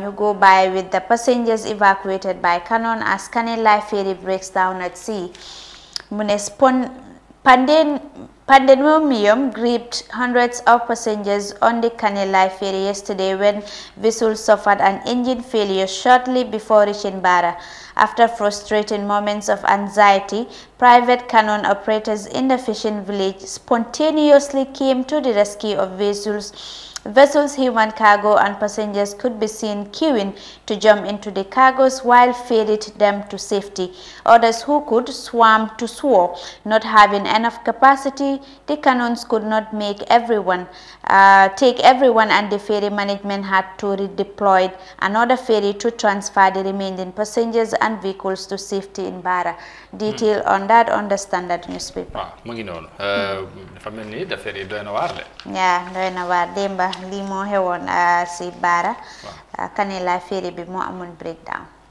you go by with the passengers evacuated by cannon as Life ferry breaks down at sea. Pandemonium gripped hundreds of passengers on the Life ferry yesterday when vessel suffered an engine failure shortly before reaching Bara. After frustrating moments of anxiety, private cannon operators in the fishing village spontaneously came to the rescue of vessels. Vessels human cargo and passengers could be seen queuing to jump into the cargoes while ferried them to safety. Others who could swam to swore. Not having enough capacity, the cannons could not make everyone uh, take everyone and the ferry management had to redeploy another ferry to transfer the remaining passengers and vehicles to safety in Barra. Detail mm. on that on the standard newspaper. Ah, mu ngi noonu. Uh, hmm. ferry lii moo xewoon euh, si Baara. Euh, Kanela Ferry bi moo amoon breakdown.